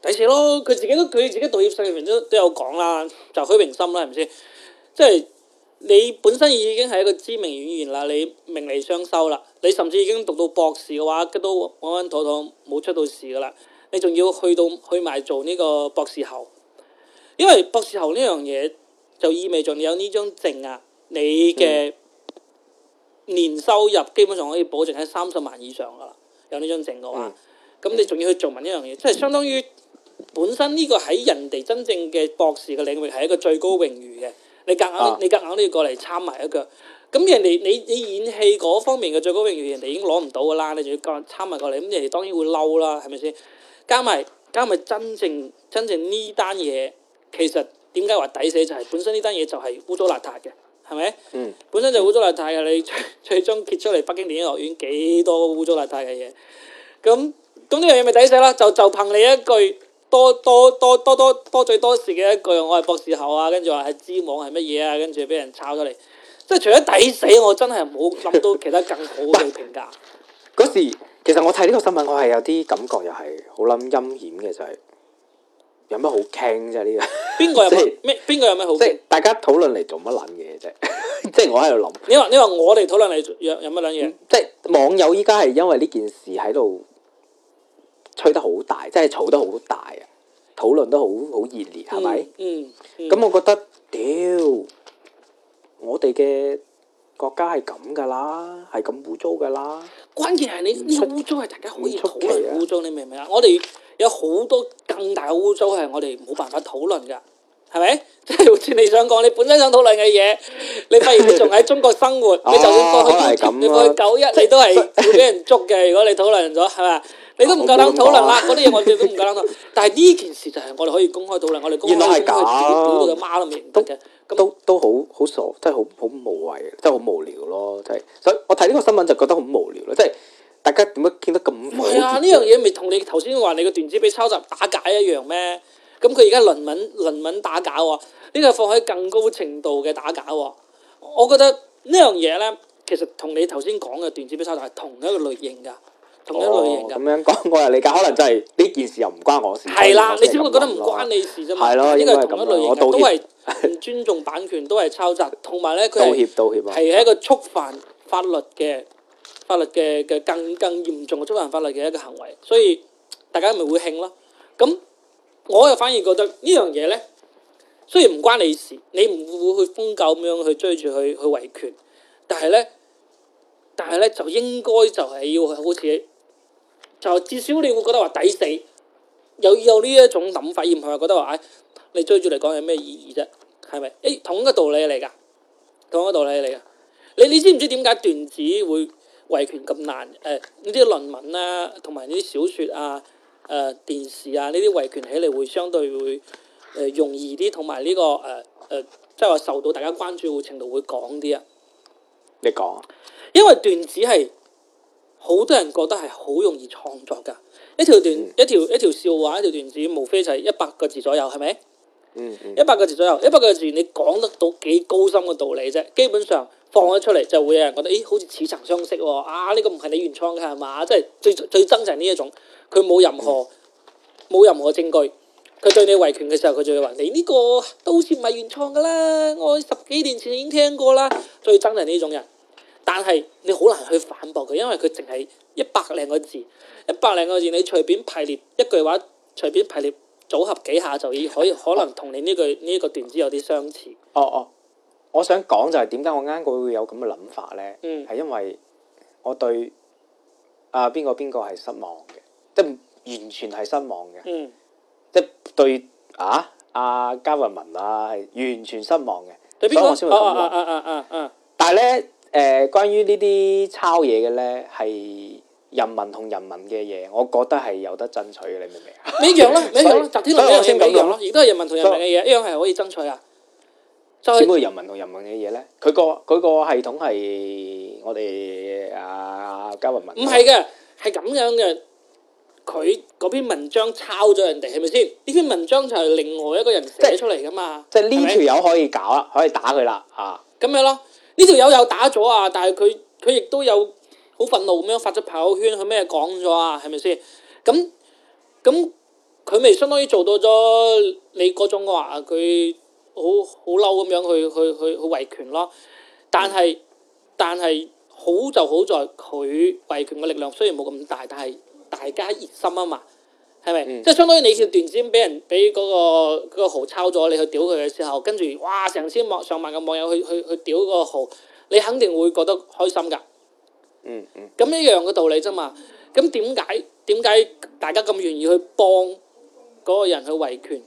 抵死咯！佢自己都佢自己道歉信入面都都有講啦，就虛榮心啦，係咪先，即係。你本身已經係一個知名演員啦，你名利雙收啦，你甚至已經讀到博士嘅話，都穩穩妥妥冇出到事噶啦。你仲要去到去埋做呢個博士後，因為博士後呢樣嘢就意味著你有呢張證啊，你嘅年收入基本上可以保證喺三十萬以上噶啦。有呢張證嘅話，咁、嗯、你仲要去做埋呢樣嘢，即係相當於本身呢個喺人哋真正嘅博士嘅領域係一個最高榮譽嘅。你夾硬，硬，你夾硬都要過嚟參埋一腳。咁人哋你你演戲嗰方面嘅最高榮譽，人哋已經攞唔到噶啦，你仲要過參埋過嚟，咁人哋當然會嬲啦，係咪先？加埋加埋，真正真正呢單嘢，其實點解話抵死就係、是、本身呢單嘢就係污糟邋遢嘅，係咪？嗯。本身就污糟邋遢嘅，你最終結出嚟北京電影學院幾多污糟邋遢嘅嘢？咁咁呢樣嘢咪抵死啦，就就憑你一句。多多多多多多最多事嘅一句，我係博士後啊，跟住話係知網係乜嘢啊，跟住俾人抄咗嚟，即係除咗抵死，我真係冇諗到其他更好嘅評價。嗰 時其實我睇呢個新聞，我係有啲感覺又係好諗陰險嘅，就係、是、有乜好傾啫？呢、這個邊個有咩邊個有咩好？即係大家討論嚟做乜卵嘢啫？即係我喺度諗。你話你話我哋討論嚟有有乜卵嘢？即係網友依家係因為呢件事喺度。吹得好大，真係吵得好大啊！討論得好好熱烈，係咪？嗯，嗯，咁我覺得，屌，嗯，嗯，我哋嘅國家係咁噶啦，係咁污糟噶啦。關鍵係你呢，污糟係大家好易討論污糟，你明唔明啊？我哋有好多更大嘅污糟係我哋冇辦法討論噶。係咪？即係好似你想講，你本身想討論嘅嘢，你不如你仲喺中國生活， 你就算過去邊，啊就是啊，你過去九一你都係會俾人捉嘅。 如果你討論咗，係咪？你都唔夠膽討論啦，嗰啲嘢我哋都唔夠膽討論。 但係呢件事就係我哋可以公開討論，我哋公開。原來係咁。自己表到嘅媽都未得嘅，咁那都都好好傻，真係好好無謂，真係好無聊咯，真係。所以我睇呢個新聞就覺得好無聊咯，即係大家點解見得咁？係啊，呢樣嘢咪同你頭先話你個段子俾抄襲打假一樣咩？咁佢而家論文論文打假喎，呢個放喺更高程度嘅打假喎，我覺得呢樣嘢咧，其實同你頭先講嘅段子被抄襲係同一個類型噶，同一類型噶。咁、哦、樣講，我又理解，可能真係呢件事又唔關我事。係啦了，只你只不過覺得唔關你事啫嘛。係咯，呢個同一個類型，都係唔尊重版權，都係抄襲，同埋咧佢道歉，道歉。係一個觸犯法律嘅法律嘅嘅更更嚴重嘅觸犯法律嘅一個行為，所以大家咪會㷫咯。咁。我又反而覺得呢樣嘢咧，雖然唔關你事，你唔會去瘋狗咁樣去追住去去維權，但係咧，但係咧就應該就係要好似，就至少你會覺得話抵死，有有呢一種諗法，然後又覺得話唉、哎，你追住嚟講有咩意義啫？係咪？誒、哎，同一個道理嚟噶，同一個道理嚟噶。你你知唔知點解段子會維權咁難？誒、哎，呢啲論文啊，同埋呢啲小說啊。誒、啊、電視啊，呢啲維權起嚟會相對會誒容易啲，同埋呢個誒誒，即係話受到大家關注嘅程度會廣啲啊！你講 說，因為段子係好多人覺得係好容易創作噶，一條段、嗯、一條一條笑話一條段子，無非就係一百個字左右，係咪、嗯？嗯一百個字左右，一百個字你講得到幾高深嘅道理啫？基本上放咗出嚟就會有人覺得，咦，好似似曾相識喎、啊！啊，呢、這個唔係你原創嘅係嘛？即係、就是、最最憎就係呢一種。佢冇任何冇、嗯、任何證據，佢對你維權嘅時候，佢就會話你呢個都好似唔係原創噶啦。我十幾年前已經聽過啦。最憎係呢種人，但係你好難去反駁佢，因為佢淨係一百零個字，一百零個字你隨便排列一句話，隨便排列組合幾下，就已可以可能同你呢句呢一、哦、個段子有啲相似。哦哦，我想講就係點解我啱佢會有咁嘅諗法咧？嗯，係因為我對啊邊個邊個係失望嘅。即係完全係失望嘅，即係對啊阿加文文啊係完全失望嘅。所以我先會講。嗯嗯嗯嗯，但係咧，誒，關於呢啲抄嘢嘅咧，係人民同人民嘅嘢，我覺得係有得爭取嘅，你明唔明啊？你一樣啦，你一樣啦，雜天龍一樣嘢，一樣咯，亦都係人民同人民嘅嘢，一樣係可以爭取啊。就係點解人民同人民嘅嘢咧？佢個佢個系統係我哋阿加文文。唔係嘅，係咁樣嘅。佢嗰篇文章抄咗人哋係咪先？呢篇文章就係另外一個人寫出嚟噶嘛？即係呢條友可以搞啦，可以打佢啦，吓咁、啊、樣咯。呢條友又打咗啊，但係佢佢亦都有好憤怒咁樣發咗朋友圈，佢咩講咗啊？係咪先？咁咁佢咪相當於做到咗你嗰種話，佢好好嬲咁樣去去去去維權咯。但係、嗯、但係好就好在佢維權嘅力量雖然冇咁大，但係。大家熱心啊嘛，係咪？嗯、即係相當於你條段先俾人俾嗰、嗰個嗰號抄咗，你去屌佢嘅時候，跟住哇，成千網上萬個網友去去去屌嗰個號，你肯定會覺得開心噶、嗯。嗯，咁一樣嘅道理啫嘛。咁點解點解大家咁願意去幫嗰個人去維權，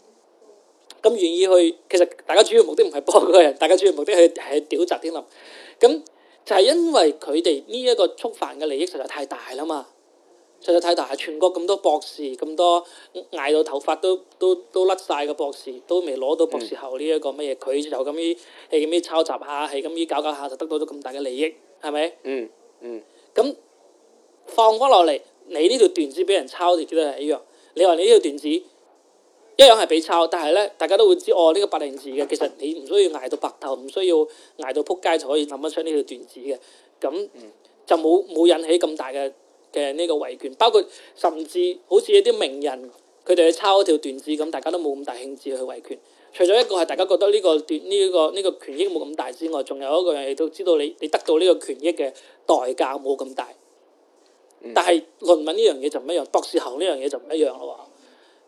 咁願意去，其實大家主要目的唔係幫嗰個人，大家主要目的係係屌翟天臨。咁就係因為佢哋呢一個觸犯嘅利益實在太大啦嘛。實實睇睇下，全國咁多博士，咁多捱到頭髮都都都甩晒嘅博士，都未攞到博士後呢一個乜嘢，佢、嗯、就咁於係咁於抄襲下，係咁於搞搞下就得到咗咁大嘅利益，係咪、嗯？嗯嗯。咁放翻落嚟，你呢條段子俾人抄，就即係一樣。你話你呢條段子一樣係俾抄，但係咧，大家都會知，我、哦、呢、呢個八零字嘅，其實你唔需要捱到白頭，唔需要捱到撲街，就可以諗得出呢條段子嘅。咁就冇冇、嗯、引起咁大嘅。嘅呢個維權，包括甚至好似一啲名人，佢哋去抄嗰條段子咁，大家都冇咁大興致去維權。除咗一個係大家覺得呢個段呢個呢個權益冇咁大之外，仲有一個人亦都知道你你得到呢個權益嘅代價冇咁大。但係論文呢樣嘢就唔一樣，博士後呢樣嘢就唔一樣咯。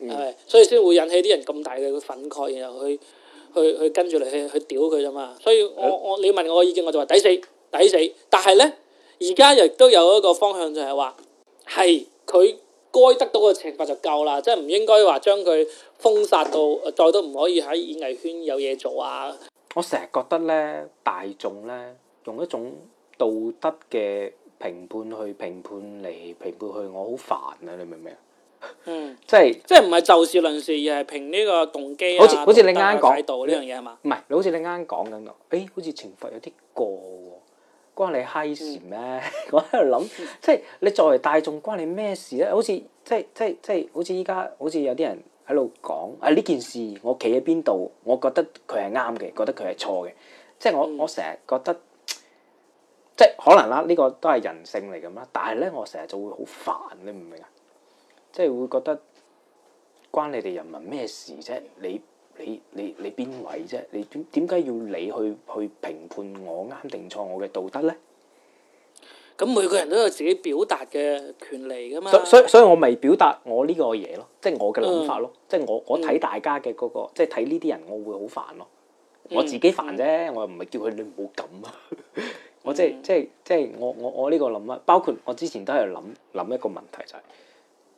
係咪？所以先會引起啲人咁大嘅憤慨，然後去去去跟住嚟去去屌佢啫嘛。所以我我你問我嘅意見，我就話抵死抵死，抵死。但係咧。而家亦都有一個方向就係話，係佢該得到嘅懲罰就夠啦，即係唔應該話將佢封殺到，再都唔可以喺演藝圈有嘢做啊！我成日覺得咧，大眾咧用一種道德嘅評判去評判嚟評,評判去，我好煩啊！你明唔明？嗯，即係是即係唔係就事論事，而係憑呢個動機啊？好似像好似你啱啱講到呢樣嘢係嘛？唔係，你好似你啱啱講緊嘅，誒，好似懲罰有啲過。關你閪事咩？ 我喺度諗，即係你作為大眾，關你咩事咧？好似即係即係即係，好似依家好似有啲人喺度講啊！呢件事我企喺邊度？我覺得佢係啱嘅，覺得佢係錯嘅。即係我我成日覺得，即係可能啦，呢個都係人性嚟咁啦。但係咧，我成日就會好煩，你明唔明啊？即係會覺得關你哋人民咩事啫？你。你你你邊位啫？你點點解要你去去評判我啱定錯我嘅道德咧？咁每個人都有自己表達嘅權利噶嘛。所、嗯、所以，所以我咪表達我呢個嘢咯，即係我嘅諗法咯。即係、嗯、我我睇大家嘅嗰個，即係睇呢啲人，我會好煩咯。我自己煩啫、嗯嗯，我又唔係叫佢你唔好咁啊。我即係即係即係我我我呢個諗法，包括我之前都係諗諗一個問題就係，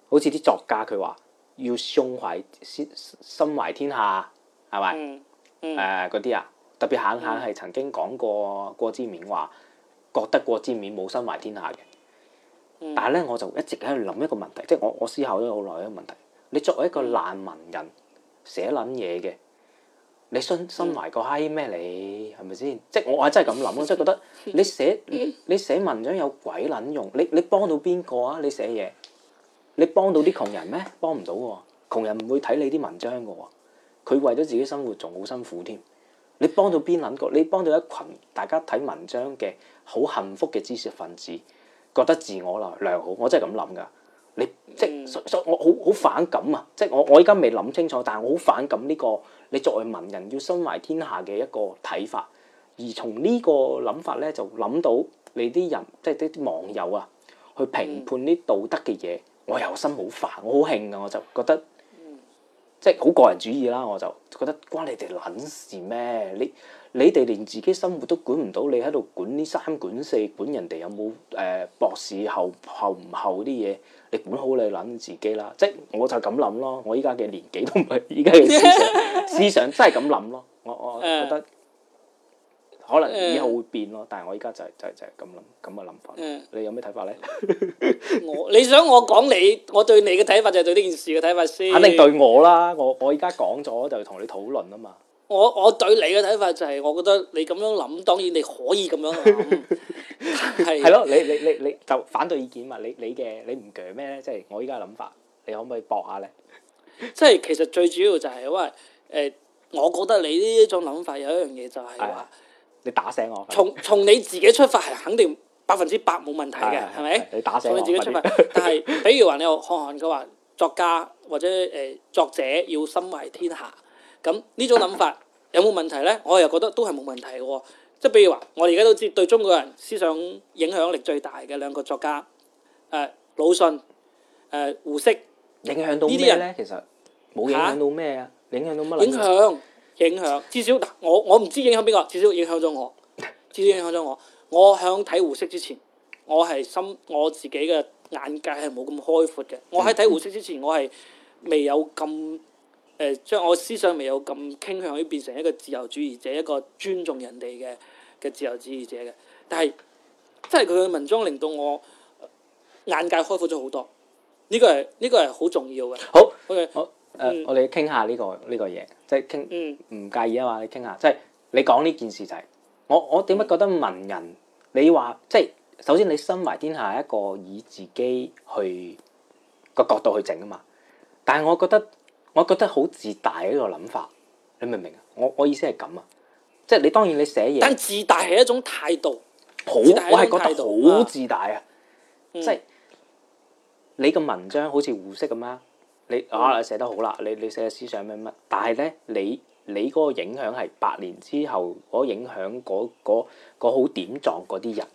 好似啲作家佢話。要懷心懷心心懷天下，係咪？誒嗰啲啊，特別下下係曾經講過郭之面話，覺得郭之面冇心懷天下嘅。嗯、但係咧，我就一直喺度諗一個問題，即係我我思考咗好耐一個問題。你作為一個爛文人寫撚嘢嘅，你信心懷個閪咩？你係咪先？即係我係真係咁諗咯，即係覺得你寫你，你寫文章有鬼撚用？你你幫到邊個啊？你寫嘢？你幫到啲窮人咩？幫唔到喎！窮人唔會睇你啲文章嘅喎、哦，佢為咗自己生活仲好辛苦添。你幫到邊撚個？你幫到一群大家睇文章嘅好幸福嘅知識分子，覺得自我啦良好。我真係咁諗㗎。你即所我好好反感啊！即我我依家未諗清楚，但係我好反感呢、呢個你作為文人要身懷天下嘅一個睇法，而從個呢個諗法咧就諗到你啲人即啲網友啊去評判啲道德嘅嘢。我有心好煩，我好㷫啊。我就覺得、嗯、即係好個人主義啦。我就覺得關你哋撚事咩？你你哋連自己生活都管唔到，你喺度管呢三管四，管人哋有冇誒、呃、博士後後唔後啲嘢？你管好你撚自己啦！即係我就咁諗咯。我依家嘅年紀都唔係依家嘅思想， 思想真係咁諗咯。我我覺得。可能以後會變咯，但係我依家就係就係就係咁諗咁嘅諗法。你有咩睇法咧？我你想我講你，我對你嘅睇法就係對呢件事嘅睇法先。肯定對我啦！我我依家講咗就同你討論啊嘛。我我對你嘅睇法就係我覺得你咁樣諗，當然你可以咁樣諗。係係咯，你你你你就反對意見嘛？你你嘅你唔鋸咩咧？即係我依家諗法，你可唔可以駁下咧？即係其實最主要就係因為誒，我覺得你呢一種諗法有一樣嘢就係話。你打醒我，從從你自己出發係肯定百分之百冇問題嘅，係咪？ 你打醒我。從你自己出發， 但係比如話你學看佢話作家或者誒作者要心為天下，咁呢種諗法有冇問題咧？我又覺得都係冇問題嘅喎。即係比如話，我哋而家都知對中國人思想影響力最大嘅兩個作家，誒、呃、魯迅、誒、呃、胡適，影響到呢啲人咧？其實冇影響到咩啊，影響到乜影嘢？影響至少，我我唔知影響邊個，至少影響咗我，至少影響咗我。我喺睇胡適之前，我係心我自己嘅眼界係冇咁開闊嘅。我喺睇胡適之前，我係未有咁誒、呃，將我思想未有咁傾向於變成一個自由主義者，一個尊重人哋嘅嘅自由主義者嘅。但係，即係佢嘅文章令到我眼界開闊咗好多。呢、呢個係呢、呢個係好重要嘅。好，OK，好。誒，uh, 嗯、我哋傾下呢、這個呢、這個嘢，即係傾，唔介意啊嘛？你傾下，即係你講呢件事就係、是、我，我點解覺得文人你話即係，首先你身懷天下，一個以自己去個角度去整啊嘛。但係我覺得，我覺得好自大嘅一個諗法，你明唔明啊？我我意思係咁啊，即係你當然你寫嘢，但自大係一種態度，好普，我係覺得好自大啊，嗯、即係你嘅文章好似胡適咁啦。你可能寫得好啦，你你寫嘅思想乜乜，但係咧你你嗰個影響係百年之後嗰個影響嗰嗰好點狀嗰啲人，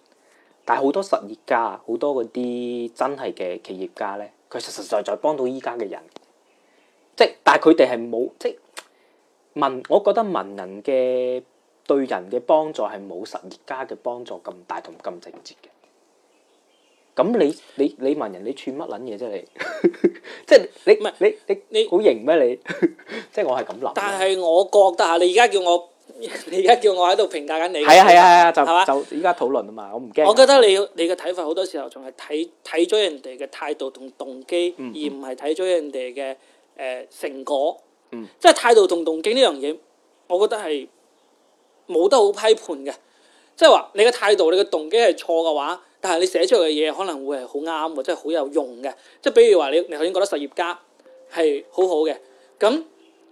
但係好多實業家，好多嗰啲真係嘅企業家咧，佢實實在在幫到依家嘅人，即但係佢哋係冇即係文，我覺得文人嘅對人嘅幫助係冇實業家嘅幫助咁大同咁直接嘅。咁你你你問人你串乜撚嘢啫你，即係是你唔係你你你好型咩你？ 即係我係咁諗。但係我覺得啊，你而家叫我，你而家叫我喺度評價緊你。係啊係啊係啊，就係吧就依家討論啊嘛，我唔驚、呃嗯。我覺得，得、就是、你你嘅睇法好多時候仲係睇睇咗人哋嘅態度同動機，而唔係睇咗人哋嘅誒成果。即係態度同動機呢樣嘢，我覺得係冇得好批判嘅。即係話你嘅態度、你嘅動機係錯嘅話。但係你寫出嚟嘅嘢可能會係好啱嘅，真係好有用嘅。即係比如話你，你頭先覺得實業家係好好嘅。咁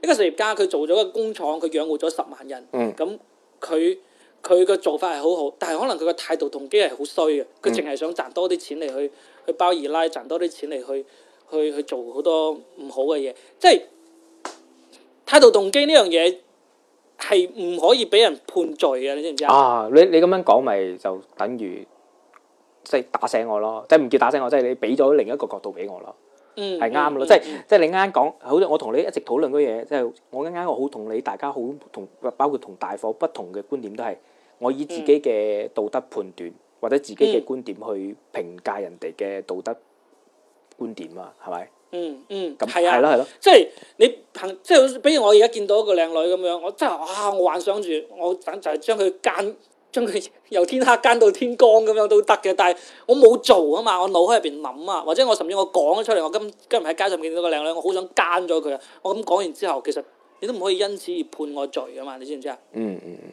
一個實業家佢做咗一個工廠，佢養活咗十萬人。咁佢佢個做法係好好，但係可能佢個態度動機係好衰嘅。佢淨係想賺多啲錢嚟去去包二奶，賺多啲錢嚟去去去做好多唔好嘅嘢。即係態度動機呢樣嘢係唔可以俾人判罪嘅，你知唔知啊？你你咁樣講咪就等於。即係打醒我咯，即係唔叫打醒我，即係你俾咗另一個角度俾我咯，嗯，係啱嘅咯。即係即係你啱啱講，好似，我同你一直討論啲嘢，即係我啱啱我好同你，大家好同包括同大伙不同嘅觀點都係，我以自己嘅道德判斷或者自己嘅觀點去評價人哋嘅道德觀點啊，係咪？嗯嗯，咁係啊，係咯，即係你憑，即係比如我而家見到一個靚女咁樣，我真係哇，啊，我幻想住我等就係將佢奸。將佢由天黑奸到天光咁樣都得嘅，但係我冇做啊嘛，我腦喺入邊諗啊，或者我甚至我講咗出嚟，我今今日喺街上見到個靚女，我好想奸咗佢啊！我咁講完之後，其實你都唔可以因此而判我罪㗎嘛！你知唔知啊、嗯？嗯嗯嗯，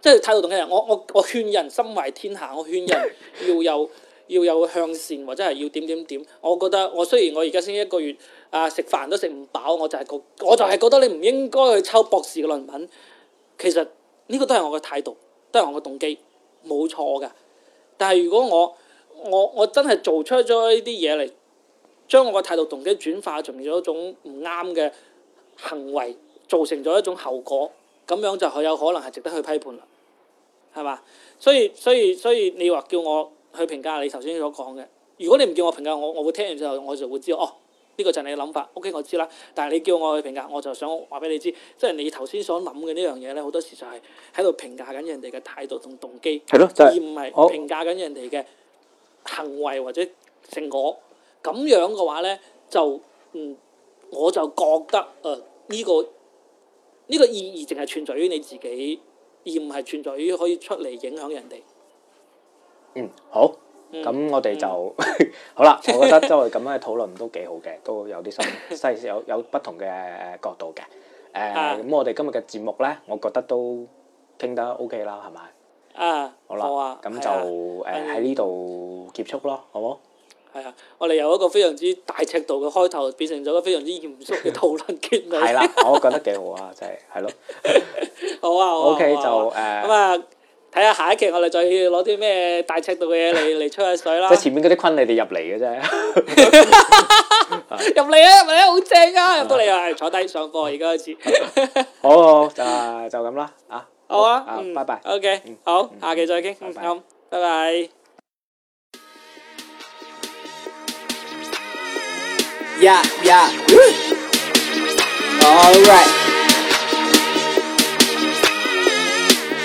即係態度同啲人，我我我勸人心懷天下，我勸人要有要有向善，或者係要點點點。我覺得我雖然我而家先一個月，啊食飯都食唔飽，我就係、是、覺，我就係覺得你唔應該去抽博士嘅論文。其實呢、呢個都係我嘅態度。都係我嘅動機冇錯噶，但係如果我我我真係做出咗呢啲嘢嚟，將我嘅態度動機轉化成咗一種唔啱嘅行為，造成咗一種後果，咁樣就好有可能係值得去批判啦，係嘛？所以所以所以你話叫我去評價你頭先所講嘅，如果你唔叫我評價，我我會聽完之後我就會知哦。呢個就係你嘅諗法，OK 我知啦。但係你叫我去評價，我就想話俾你知，即係你頭先所諗嘅呢樣嘢咧，好多時就係喺度評價緊人哋嘅態度同動機，係咯，而唔係評價緊人哋嘅行為或者成果。咁樣嘅話咧，就嗯，我就覺得誒呢個呢個意義淨係存在於你自己，而唔係存在於可以出嚟影響人哋。嗯，好。咁我哋就好啦，我覺得周圍咁樣嘅討論都幾好嘅，都有啲新、新有有不同嘅角度嘅。誒，咁我哋今日嘅節目咧，我覺得都傾得 OK 啦，係咪？啊，好啦，好啊，咁就誒喺呢度結束咯，好冇？係啊，我哋由一個非常之大尺度嘅開頭，變成咗一個非常之嚴肅嘅討論結尾。係啦，我覺得幾好啊，就係係咯。好啊，OK 就誒咁啊。睇下下一期我哋再攞啲咩大尺度嘅嘢嚟嚟吹下水啦。即係前面嗰啲坤你哋入嚟嘅啫。入嚟啊，入嚟啊，好正啊，入到嚟啊，坐低，上課，而家開始。好好就就咁啦，啊好啊，嗯，拜拜。OK，好，下期再傾。拜，拜。Bye bye。Yeah yeah。Alright.